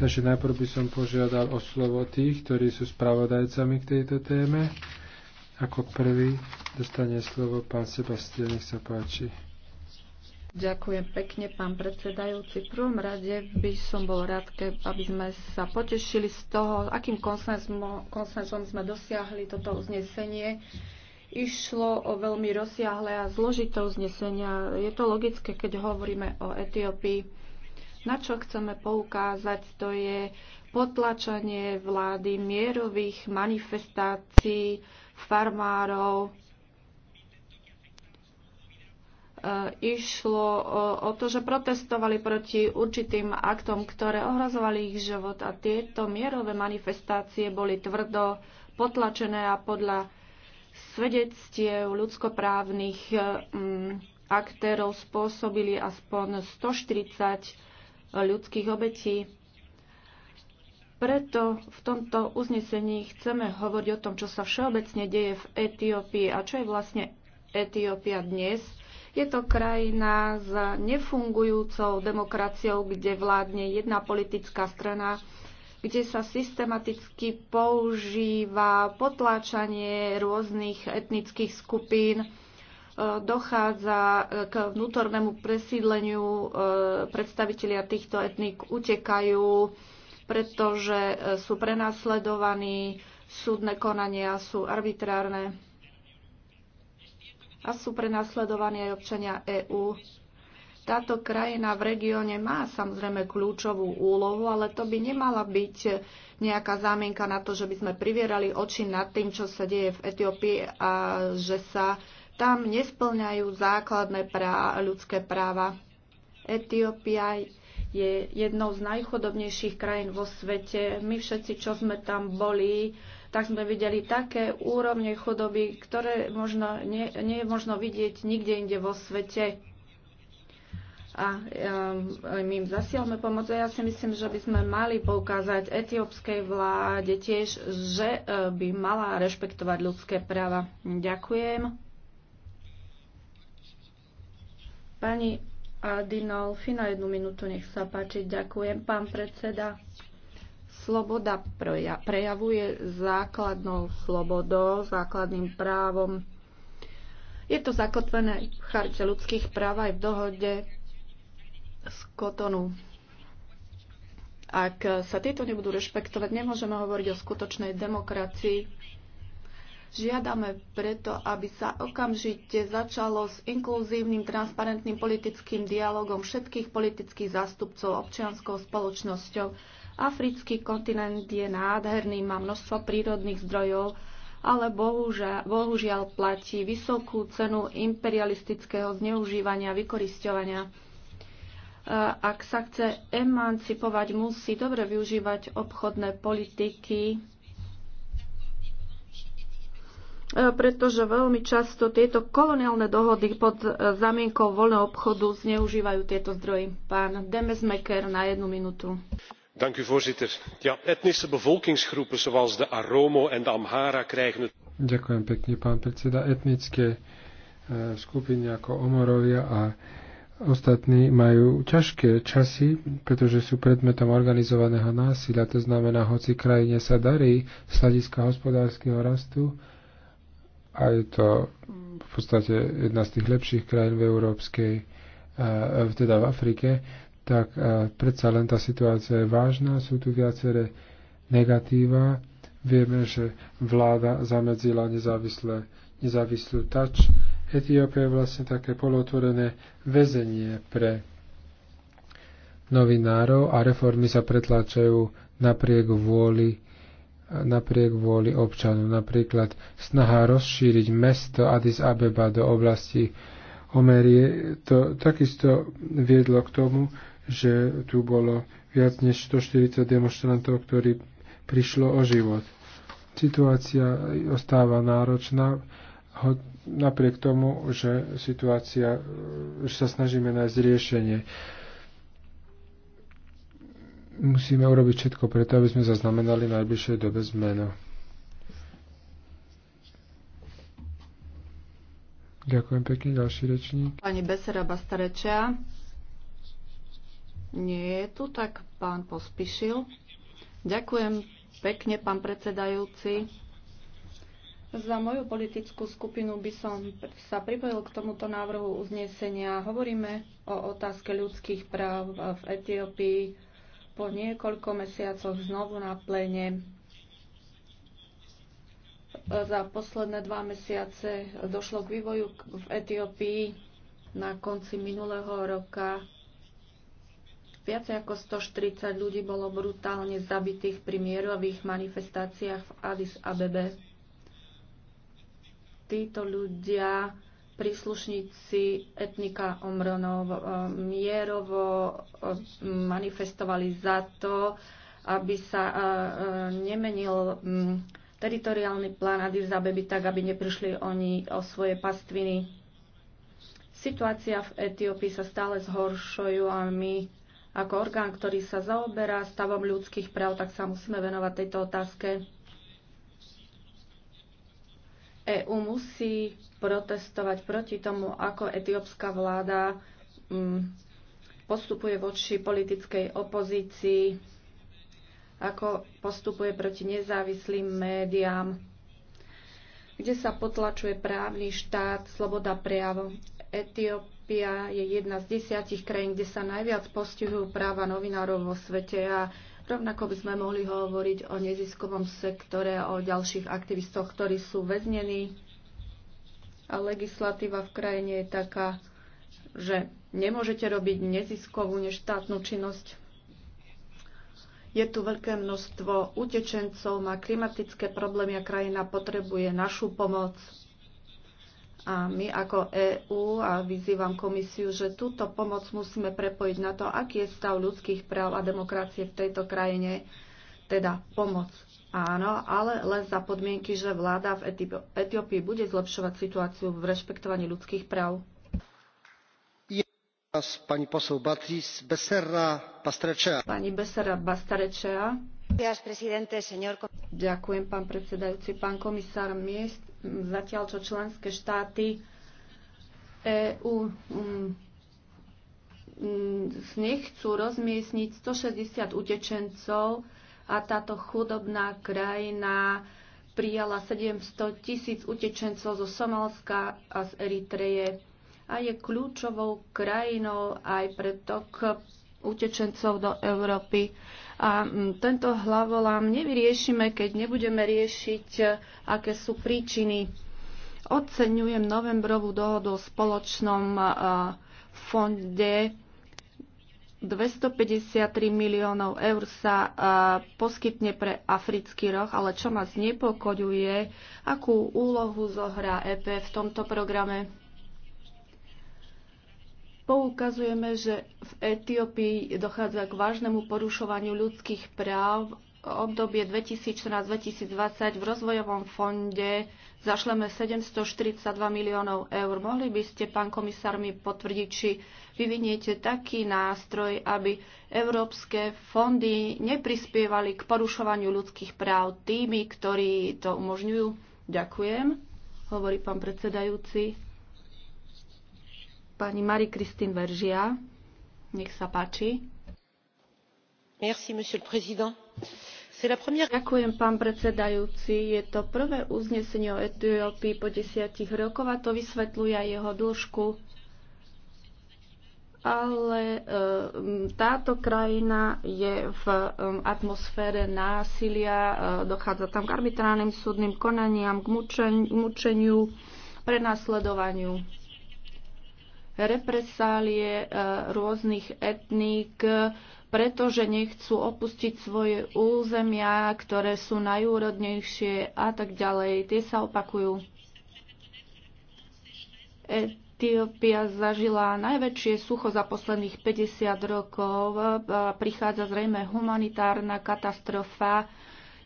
Takže najprv by som požiadal o slovo tých, ktorí sú spravodajcami k tejto téme. Ako prvý dostane slovo pán Sebastian, nech sa páči. Ďakujem pekne, pán predsedajúci. V prvom rade by som bol rád, aby sme sa potešili z toho, akým konsenzom sme dosiahli toto uznesenie. Išlo o veľmi rozsiahle a zložité uznesenia. Je to logické, keď hovoríme o Etiópii. Na čo chceme poukázať, to je potlačanie vlády mierových manifestácií farmárov. E, išlo o to, že protestovali proti určitým aktom, ktoré ohrazovali ich život a tieto mierové manifestácie boli tvrdo potlačené a podľa svedectiev ľudskoprávnych mm, aktérov spôsobili aspoň 140 ľudských obetí. Preto v tomto uznesení chceme hovoriť o tom, čo sa všeobecne deje v Etiópii a čo je vlastne Etiópia dnes. Je to krajina s nefungujúcou demokraciou, kde vládne jedna politická strana, kde sa systematicky používa potláčanie rôznych etnických skupín, E, dochádza e, k vnútornému presídleniu, e, predstavitelia týchto etník utekajú, pretože sú prenasledovaní, súdne konania sú arbitrárne a sú prenasledovaní aj občania EÚ. Táto krajina v regióne má samozrejme kľúčovú úlohu, ale to by nemala byť nejaká zámienka na to, že by sme privierali oči nad tým, čo sa deje v Etiópii a že sa uh, tam nesplňajú základné prá- ľudské práva. Etiópia je jednou z najchodobnejších krajín vo svete. My všetci, čo sme tam boli, tak sme videli také úrovne chudoby, ktoré možno nie, nie je možno vidieť nikde inde vo svete. A um, my im zasielame pomoc. A ja si myslím, že by sme mali poukázať etiópskej vláde tiež, že eh, by mala rešpektovať ľudské práva. Ďakujem. Pani Adinolfi, na jednu minútu nech sa páči. Ďakujem, pán predseda. Sloboda prejavuje základnou slobodou, základným právom. Je to zakotvené v charte ľudských práv aj v dohode z Kotonu. Ak sa tieto nebudú rešpektovať, nemôžeme hovoriť o skutočnej demokracii Žiadame preto, aby sa okamžite začalo s inkluzívnym, transparentným politickým dialogom všetkých politických zástupcov občianskou spoločnosťou. Africký kontinent je nádherný, má množstvo prírodných zdrojov, ale bohužia, bohužiaľ platí vysokú cenu imperialistického zneužívania a vykorisťovania. E, ak sa chce emancipovať, musí dobre využívať obchodné politiky E, pretože veľmi často tieto koloniálne dohody pod e, zamienkou voľného obchodu zneužívajú tieto zdroje. Pán Demes Meker, na jednu minútu. Dank u voorzitter. Ja, etnische bevolkingsgroepen zoals de Aromo en de Amhara krijgen het... Ďakujem pekne, pán predseda. Etnické e, skupiny ako Omorovia a ostatní majú ťažké časy, pretože sú predmetom organizovaného násilia. To znamená, hoci krajine sa darí z hľadiska hospodárskeho rastu, a je to v podstate jedna z tých lepších krajín v európskej, e, teda v Afrike, tak e, predsa len tá situácia je vážna, sú tu viaceré negatíva. Vieme, že vláda zamedzila nezávislé, nezávislú tač. Etiópia je vlastne také polotvorené väzenie pre novinárov a reformy sa pretláčajú napriek vôli napriek vôli občanov. Napríklad snaha rozšíriť mesto Addis Abeba do oblasti Homerie, to takisto viedlo k tomu, že tu bolo viac než 140 demonstrantov, ktorí prišlo o život. Situácia ostáva náročná, napriek tomu, že situácia, že sa snažíme nájsť riešenie musíme urobiť všetko preto, aby sme zaznamenali v najbližšej dobe zmenu. Ďakujem pekne, ďalší rečník. Pani Besera Bastarečia. Nie je tu, tak pán pospíšil. Ďakujem pekne, pán predsedajúci. Za moju politickú skupinu by som sa pripojil k tomuto návrhu uznesenia. Hovoríme o otázke ľudských práv v Etiópii po niekoľko mesiacoch znovu na plene. Za posledné dva mesiace došlo k vývoju v Etiópii na konci minulého roka. Viac ako 140 ľudí bolo brutálne zabitých pri mierových manifestáciách v Addis Abebe. Títo ľudia príslušníci etnika Omronov e, mierovo e, manifestovali za to, aby sa e, nemenil teritoriálny plán Addis Abeby tak, aby neprišli oni o svoje pastviny. Situácia v Etiópii sa stále zhoršujú a my ako orgán, ktorý sa zaoberá stavom ľudských práv, tak sa musíme venovať tejto otázke. EÚ musí protestovať proti tomu, ako etiópska vláda mm, postupuje voči politickej opozícii, ako postupuje proti nezávislým médiám, kde sa potlačuje právny štát, sloboda prejavu. Etiópia je jedna z desiatich krajín, kde sa najviac postihujú práva novinárov vo svete a Rovnako by sme mohli hovoriť o neziskovom sektore, o ďalších aktivistoch, ktorí sú väznení. A legislatíva v krajine je taká, že nemôžete robiť neziskovú neštátnu činnosť. Je tu veľké množstvo utečencov, má klimatické problémy a krajina potrebuje našu pomoc. A my ako EÚ a vyzývam komisiu, že túto pomoc musíme prepojiť na to, aký je stav ľudských práv a demokracie v tejto krajine, teda pomoc. Áno, ale len za podmienky, že vláda v Etiópii bude zlepšovať situáciu v rešpektovaní ľudských práv. Pani posol Becerra Bastarečea. Pani Becerra Bastarečea. Ďakujem, pán predsedajúci. Pán komisár, miest, zatiaľ čo členské štáty EÚ mm, mm, nechcú rozmiestniť 160 utečencov a táto chudobná krajina prijala 700 tisíc utečencov zo Somalska a z Eritreje a je kľúčovou krajinou aj pre tok utečencov do Európy. A mm, tento hlavolám nevyriešime, keď nebudeme riešiť, e, aké sú príčiny. Oceňujem novembrovú dohodu o spoločnom e, fonde 253 miliónov eur sa e, poskytne pre africký roh, ale čo ma znepokojuje, akú úlohu zohrá EP v tomto programe poukazujeme, že v Etiópii dochádza k vážnemu porušovaniu ľudských práv. V obdobie 2014-2020 v rozvojovom fonde zašleme 742 miliónov eur. Mohli by ste, pán komisár, mi potvrdiť, či vyviniete taký nástroj, aby európske fondy neprispievali k porušovaniu ľudských práv tými, ktorí to umožňujú? Ďakujem, hovorí pán predsedajúci pani Marie-Christine Veržia. Nech sa páči. Merci, monsieur le président. Ďakujem, pán predsedajúci. Je to prvé uznesenie o Etiópii po desiatich rokoch a to vysvetľuje aj jeho dĺžku. Ale ehm, táto krajina je v ehm, atmosfére násilia, e, dochádza tam k arbitrálnym súdnym konaniam, k mučeniu, prenasledovaniu represálie e, rôznych etník, e, pretože nechcú opustiť svoje územia, ktoré sú najúrodnejšie a tak ďalej. Tie sa opakujú. Etiópia zažila najväčšie sucho za posledných 50 rokov. E, prichádza zrejme humanitárna katastrofa.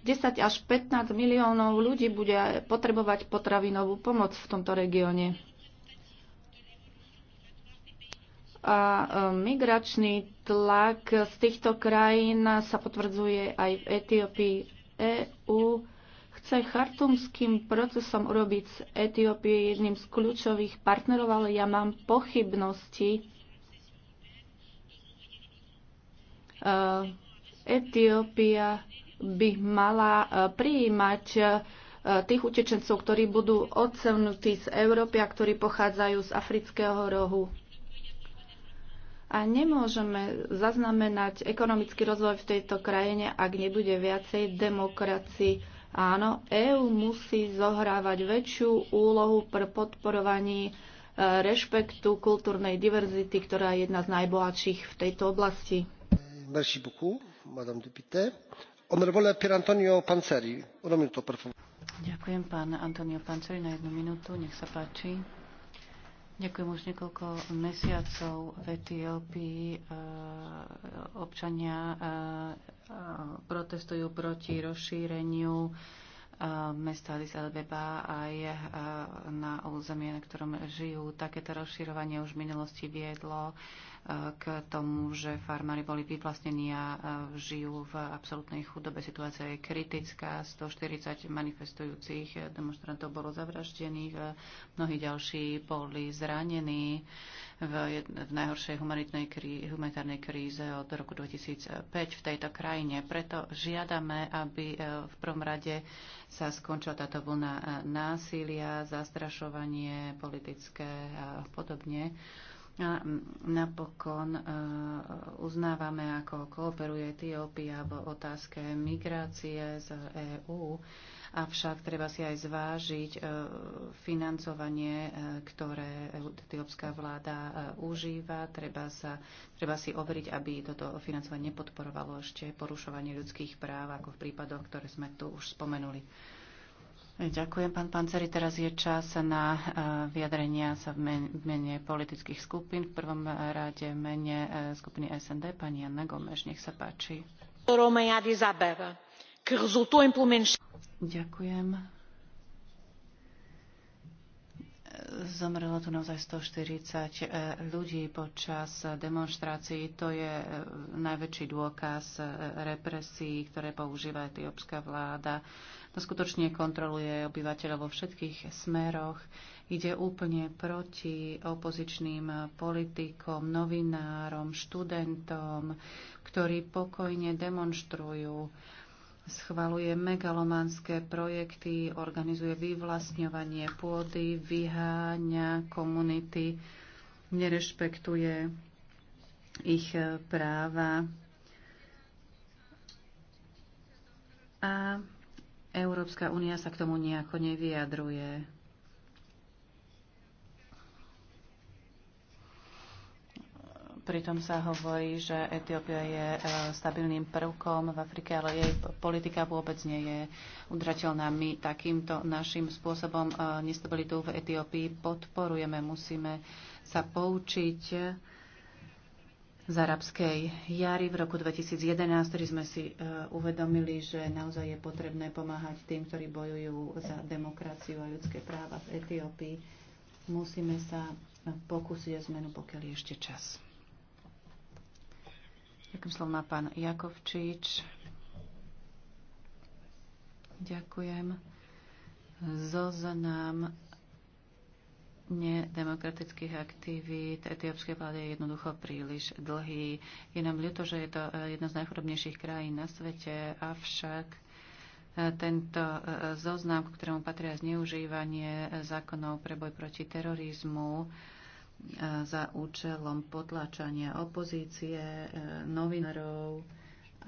10 až 15 miliónov ľudí bude potrebovať potravinovú pomoc v tomto regióne. a e, migračný tlak z týchto krajín sa potvrdzuje aj v Etiópii. EÚ chce chartumským procesom urobiť z Etiópie jedným z kľúčových partnerov, ale ja mám pochybnosti. E, Etiópia by mala e, prijímať tých utečencov, ktorí budú odsunutí z Európy a ktorí pochádzajú z afrického rohu a nemôžeme zaznamenať ekonomický rozvoj v tejto krajine, ak nebude viacej demokracii. Áno, EÚ musí zohrávať väčšiu úlohu pre podporovaní e, rešpektu kultúrnej diverzity, ktorá je jedna z najbohatších v tejto oblasti. Merci beaucoup, madame Dupité. Honorable Pier Antonio Panceri, una minuto, per Ďakujem, pán Antonio Panceri, na jednu minútu, nech sa páči. Ďakujem už niekoľko mesiacov v Etiópii. Občania e, e, protestujú proti rozšíreniu mesta Addis Abeba aj e, na územie, na ktorom žijú. Takéto rozširovanie už v minulosti viedlo e, k tomu, že farmári boli vyvlastnení a e, žijú v absolútnej chudobe. Situácia je kritická. 140 manifestujúcich demonstrantov bolo zavraždených, mnohí ďalší boli zranení v, v najhoršej krí, humanitárnej kríze od roku 2005 v tejto krajine. Preto žiadame, aby e, v prvom rade sa skončila táto vlna e, násilia, zastrašovanie politické a podobne a napokon e, uznávame, ako kooperuje Etiópia v otázke migrácie z EÚ, avšak treba si aj zvážiť e, financovanie, e, ktoré etiópska vláda užíva. Treba, sa, treba si overiť, aby toto financovanie nepodporovalo ešte porušovanie ľudských práv, ako v prípadoch, ktoré sme tu už spomenuli. Ďakujem, pán Panceri. Teraz je čas na eh, vyjadrenia sa v mene, politických skupín. V prvom rade v mene eh, skupiny SND pani Anna Gomeš. Nech sa páči. Ďakujem. Zomrelo tu naozaj 140 eh, ľudí počas demonstrácií. To je najväčší dôkaz represí, ktoré používa etiópska vláda to skutočne kontroluje obyvateľov vo všetkých smeroch. Ide úplne proti opozičným politikom, novinárom, študentom, ktorí pokojne demonstrujú schvaluje megalománske projekty, organizuje vyvlastňovanie pôdy, vyháňa komunity, nerešpektuje ich práva. A Európska únia sa k tomu nejako nevyjadruje. Pritom sa hovorí, že Etiópia je e, stabilným prvkom v Afrike, ale jej politika vôbec nie je udrateľná. My takýmto našim spôsobom e, nestabilitu v Etiópii podporujeme. Musíme sa poučiť z arabskej jary v roku 2011, ktorý sme si e, uvedomili, že naozaj je potrebné pomáhať tým, ktorí bojujú za demokraciu a ľudské práva v Etiópii. Musíme sa pokúsiť o zmenu, pokiaľ je ešte čas. Ďakujem slovo má pán Jakovčič. Ďakujem. Zoznam nedemokratických aktivít etiópskej vlády je jednoducho príliš dlhý. Je nám ľúto, že je to e, jedna z najchudobnejších krajín na svete, avšak e, tento e, zoznam, k ktorému patria zneužívanie zákonov pre boj proti terorizmu za účelom potlačania opozície, novinárov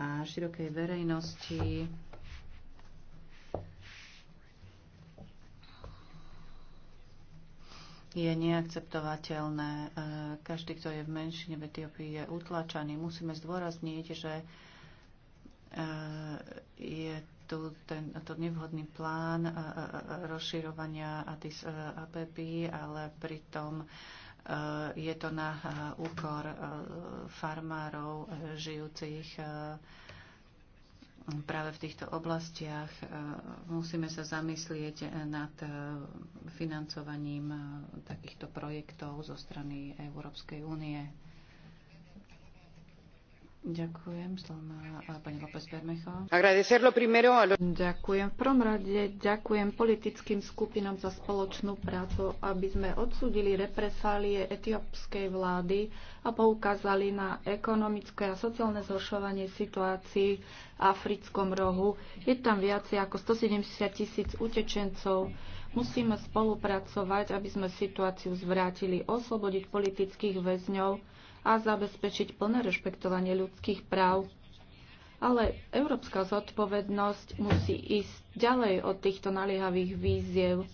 a širokej verejnosti, je neakceptovateľné. E, každý, kto je v menšine v Etiópii, je utlačaný. Musíme zdôrazniť, že e, je tu tento nevhodný plán e, rozširovania Addis Abeby, ale pritom je to na úkor farmárov žijúcich práve v týchto oblastiach. E, musíme sa zamyslieť nad e, financovaním e, takýchto projektov zo strany Európskej únie. Ďakujem, slama pani López Bermecho. Ďakujem. V prvom rade ďakujem politickým skupinám za spoločnú prácu, aby sme odsúdili represálie etiópskej vlády a poukázali na ekonomické a sociálne zhoršovanie situácií v africkom rohu. Je tam viacej ako 170 tisíc utečencov. Musíme spolupracovať, aby sme situáciu zvrátili, oslobodiť politických väzňov a zabezpečiť plné rešpektovanie ľudských práv. Ale európska zodpovednosť musí ísť ďalej od týchto naliehavých víziev.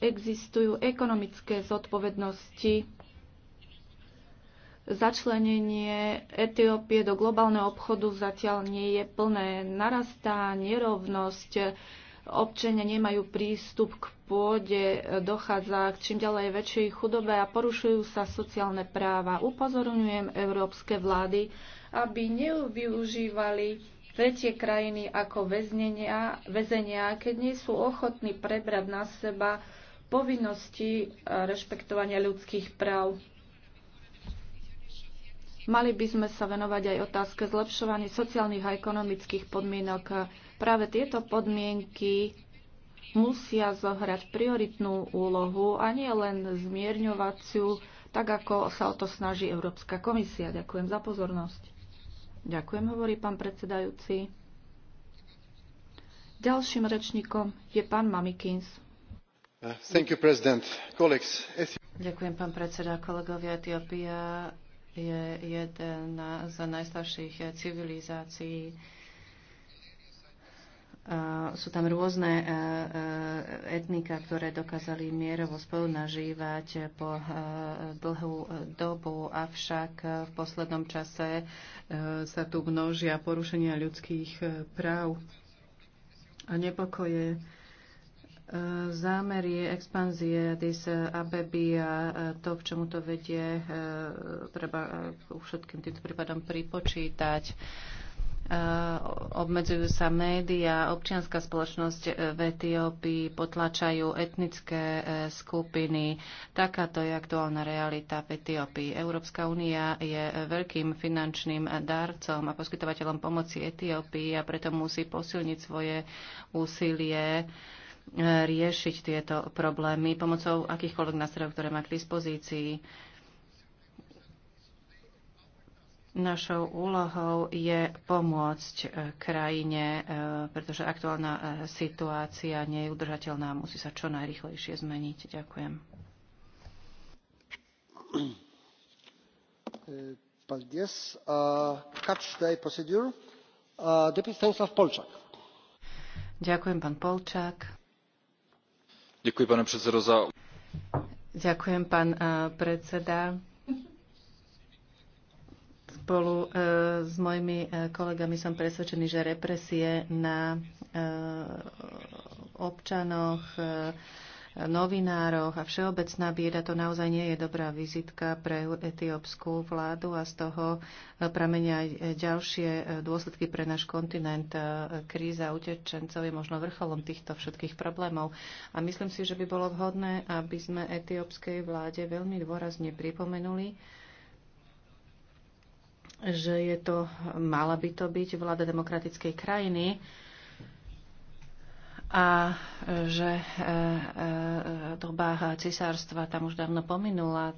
Existujú ekonomické zodpovednosti, začlenenie Etiópie do globálneho obchodu zatiaľ nie je plné. Narastá nerovnosť, občania nemajú prístup k pôde, dochádza k čím ďalej väčšej chudobe a porušujú sa sociálne práva. Upozorňujem európske vlády, aby nevyužívali tretie krajiny ako väznenia, väzenia, keď nie sú ochotní prebrať na seba povinnosti rešpektovania ľudských práv. Mali by sme sa venovať aj otázke zlepšovania sociálnych a ekonomických podmienok Práve tieto podmienky musia zohrať prioritnú úlohu a nie len zmierňovaciu, tak ako sa o to snaží Európska komisia. Ďakujem za pozornosť. Ďakujem, hovorí pán predsedajúci. Ďalším rečníkom je pán Mamikins. You, Ďakujem, pán predseda. Kolegovia, Etiópia je jeden z najstarších civilizácií sú tam rôzne e, e, etnika, ktoré dokázali mierovo nažívať po e, dlhú dobu, avšak v poslednom čase sa tu množia porušenia ľudských práv a nepokoje. Zámery expanzie Addis Abeby a to, k čomu to vedie, treba všetkým týmto prípadom pripočítať. Eh, obmedzujú sa médiá, občianská spoločnosť eh, v Etiópii, potlačajú etnické eh, skupiny. Takáto je aktuálna realita v Etiópii. Európska únia je veľkým finančným darcom a poskytovateľom pomoci Etiópii a preto musí posilniť svoje úsilie riešiť tieto problémy pomocou akýchkoľvek nástrojov, ktoré má k dispozícii. Našou úlohou je pomôcť e, krajine, e, pretože aktuálna e, situácia nie je udržateľná a musí sa čo najrychlejšie zmeniť. Ďakujem. Ďakujem, pán Polčák. Ďakujem, pane predseda. Za... Ďakujem, pán predseda. Spolu e, s mojimi e, kolegami som presvedčený, že represie na e, občanoch, novinároch a všeobecná bieda to naozaj nie je dobrá vizitka pre etiópsku vládu a z toho pramenia aj ďalšie dôsledky pre náš kontinent. Kríza utečencov je možno vrcholom týchto všetkých problémov a myslím si, že by bolo vhodné, aby sme etiópskej vláde veľmi dôrazne pripomenuli, že je to, mala by to byť vláda demokratickej krajiny a že e, e, doba cisárstva tam už dávno pominula.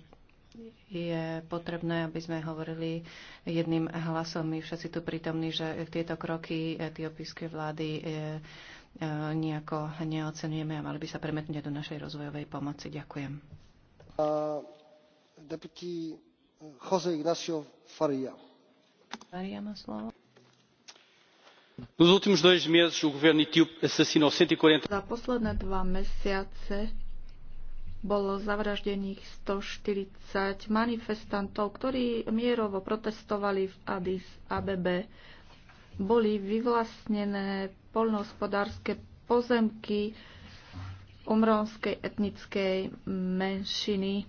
Je potrebné, aby sme hovorili jedným hlasom my všetci tu prítomní, že tieto kroky etiopijskej vlády e, nejako neocenujeme a mali by sa premetnúť do našej rozvojovej pomoci. Ďakujem. Uh, deputy Jose Ignacio Faria Nos últimos dois meses, o governo etíope assassinou 140... E Za posledné dva mesiace bolo zavraždených 140 manifestantov, ktorí mierovo protestovali v Addis Abebe. Boli vyvlastnené poľnohospodárske pozemky umrónskej etnickej menšiny.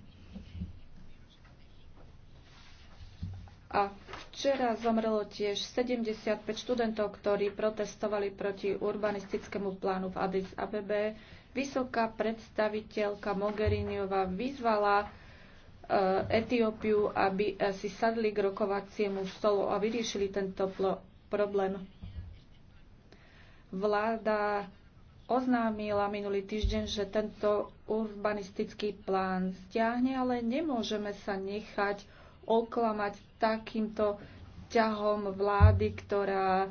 A Včera zomrelo tiež 75 študentov, ktorí protestovali proti urbanistickému plánu v Addis Abebe. Vysoká predstaviteľka Mogheriniova vyzvala e, Etiópiu, aby e, si sadli k rokovaciemu stolu a vyriešili tento problém. Vláda oznámila minulý týždeň, že tento urbanistický plán stiahne, ale nemôžeme sa nechať oklamať takýmto ťahom vlády, ktorá e,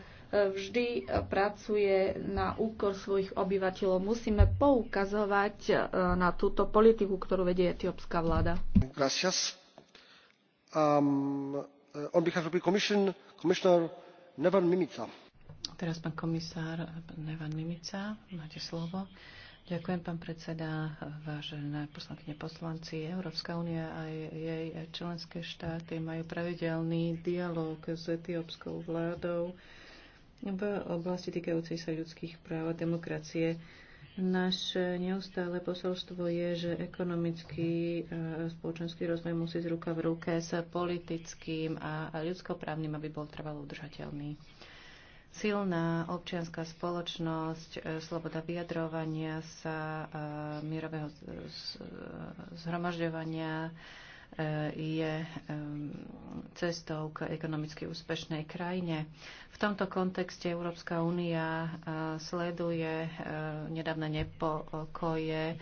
vždy e, pracuje na úkor svojich obyvateľov. Musíme poukazovať e, na túto politiku, ktorú vedie etiópska vláda. Gracias. Um, on behalf of the commission, Commissioner Nevan Mimica. Teraz pán komisár Nevan Mimica, máte slovo. Ďakujem, pán predseda, vážené poslankyne poslanci. Európska únia a jej členské štáty majú pravidelný dialog s etiópskou vládou v oblasti týkajúcej sa ľudských práv a demokracie. Naše neustále posolstvo je, že ekonomický a spoločenský rozvoj musí z ruka v ruke s politickým a ľudskoprávnym, aby bol trvalo udržateľný silná občianská spoločnosť, e, sloboda vyjadrovania sa, e, mierového zhromažďovania e, je cestou k ekonomicky úspešnej krajine. V tomto kontexte Európska únia sleduje nedávne nepokoje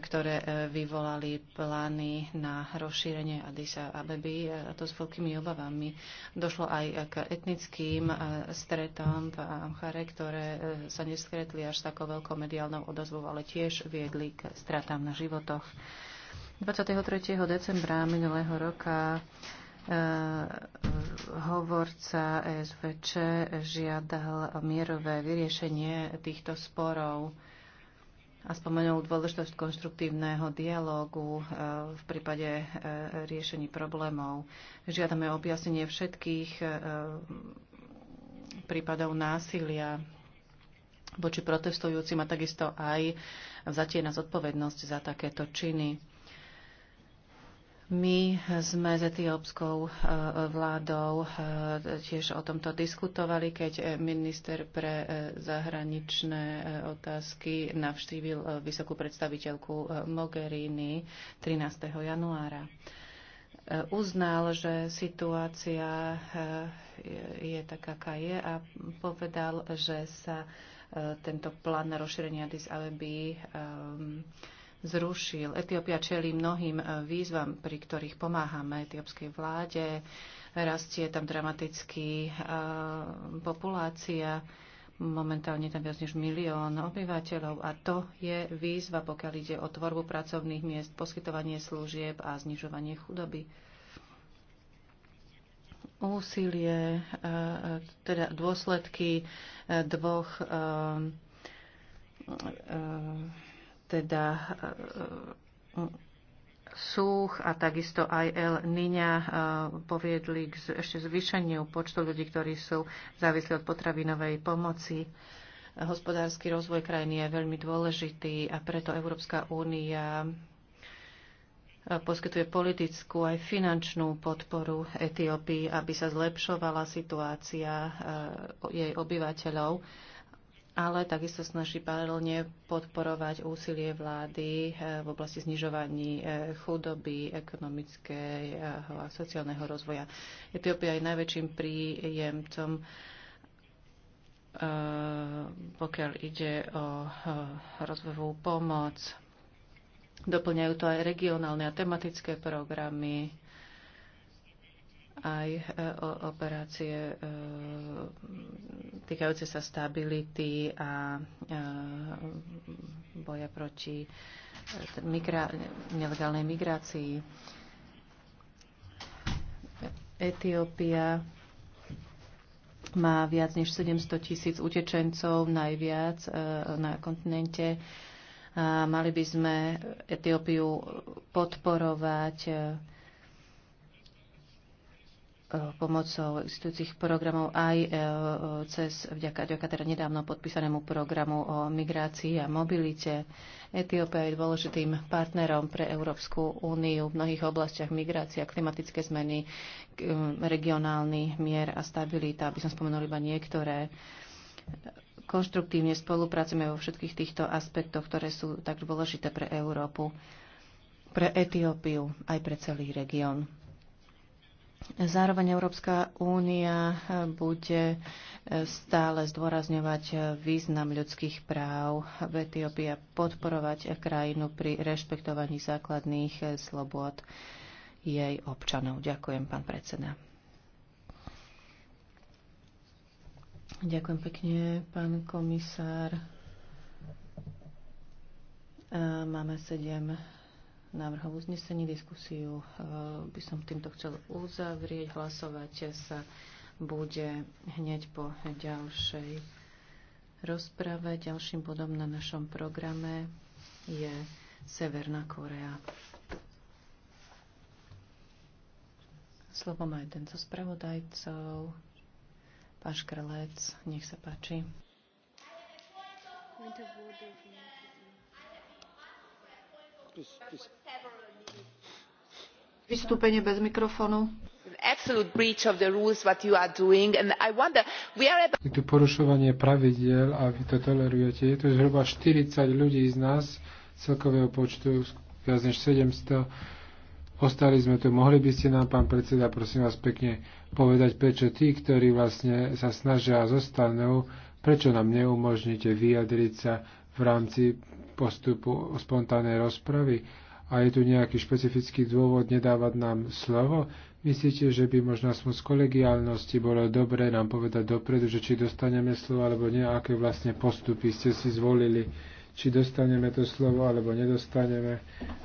ktoré e, vyvolali plány na rozšírenie Adisa Abeby e, a to s veľkými obavami. Došlo aj k etnickým e, stretom v Amchare, ktoré sa neskretli až s takou veľkou mediálnou odozvou, ale tiež viedli k stratám na životoch. 23. decembra minulého roka hovorca SVČ žiadal mierové vyriešenie týchto sporov a spomenul dôležitosť konštruktívneho dialógu e, v prípade e, riešení problémov. Žiadame objasnenie všetkých e, prípadov násilia voči protestujúcim a takisto aj vzatie na zodpovednosť za takéto činy. My sme s etiópskou e, vládou e, tiež o tomto diskutovali, keď minister pre e, zahraničné otázky navštívil vysokú predstaviteľku Mogherini 13. januára. Uznal, že situácia je taká, aká je a povedal, že sa tento plán na rozšírenie Addis Abeby zrušil. Etiópia čelí mnohým eh, výzvam, pri ktorých pomáhame etiópskej vláde. Rastie tam dramaticky eh, populácia. Momentálne tam viac než milión obyvateľov a to je výzva, pokiaľ ide o tvorbu pracovných miest, poskytovanie služieb a znižovanie chudoby úsilie, eh, teda dôsledky dvoch teda e, e, Súch a takisto aj El Niňa e, poviedli k ešte zvýšeniu počtu ľudí, ktorí sú závislí od potravinovej pomoci. Hospodársky rozvoj krajiny je veľmi dôležitý a preto Európska únia poskytuje politickú aj finančnú podporu Etiópii, aby sa zlepšovala situácia jej obyvateľov ale takisto snaží paralelne podporovať úsilie vlády eh, v oblasti znižovaní eh, chudoby, ekonomického eh, a sociálneho rozvoja. Etiópia je najväčším príjemcom pokiaľ ide o rozvojovú pomoc. Doplňajú to aj regionálne a tematické programy aj e, operácie e, týkajúce sa stability a e, boja proti migra- nelegálnej migrácii. Etiópia má viac než 700 tisíc utečencov, najviac na kontinente. A mali by sme Etiópiu podporovať Eh, pomocou existujúcich programov aj eh, cez, vďaka, vďaka teda nedávno podpísanému programu o migrácii a mobilite. Etiópia je dôležitým partnerom pre Európsku úniu v mnohých oblastiach migrácia, klimatické zmeny, eh, regionálny mier a stabilita, aby som spomenul iba niektoré. Konštruktívne spolupracujeme vo všetkých týchto aspektoch, ktoré sú tak dôležité pre Európu, pre Etiópiu, aj pre celý región. Zároveň Európska únia eh, bude eh, stále zdôrazňovať eh, význam ľudských práv v Etiópii a podporovať krajinu pri rešpektovaní základných slobod jej občanov. Ďakujem, pán predseda. Ďakujem pekne, pán komisár. Máme sedem návrhov uznesení. Diskusiu eh, by som týmto chcel uzavrieť. Hlasovať sa bude hneď po ďalšej rozprave. Ďalším bodom na našom programe je Severná Korea. Slovo má jeden zo spravodajcov. Pán Škrlec, nech sa páči. Vystúpenie bez mikrofónu. Je tu porušovanie pravidiel a vy to tolerujete. Je tu zhruba 40 ľudí z nás, celkového počtu viac než 700. Ostali sme tu. Mohli by ste nám, pán predseda, prosím vás pekne povedať, prečo tí, ktorí vlastne sa snažia a zostanú, prečo nám neumožnite vyjadriť sa v rámci postupu spontánnej rozpravy a je tu nejaký špecifický dôvod nedávať nám slovo? Myslíte, že by možno aspoň z kolegiálnosti bolo dobré nám povedať dopredu, že či dostaneme slovo alebo nie, aké vlastne postupy ste si zvolili, či dostaneme to slovo alebo nedostaneme,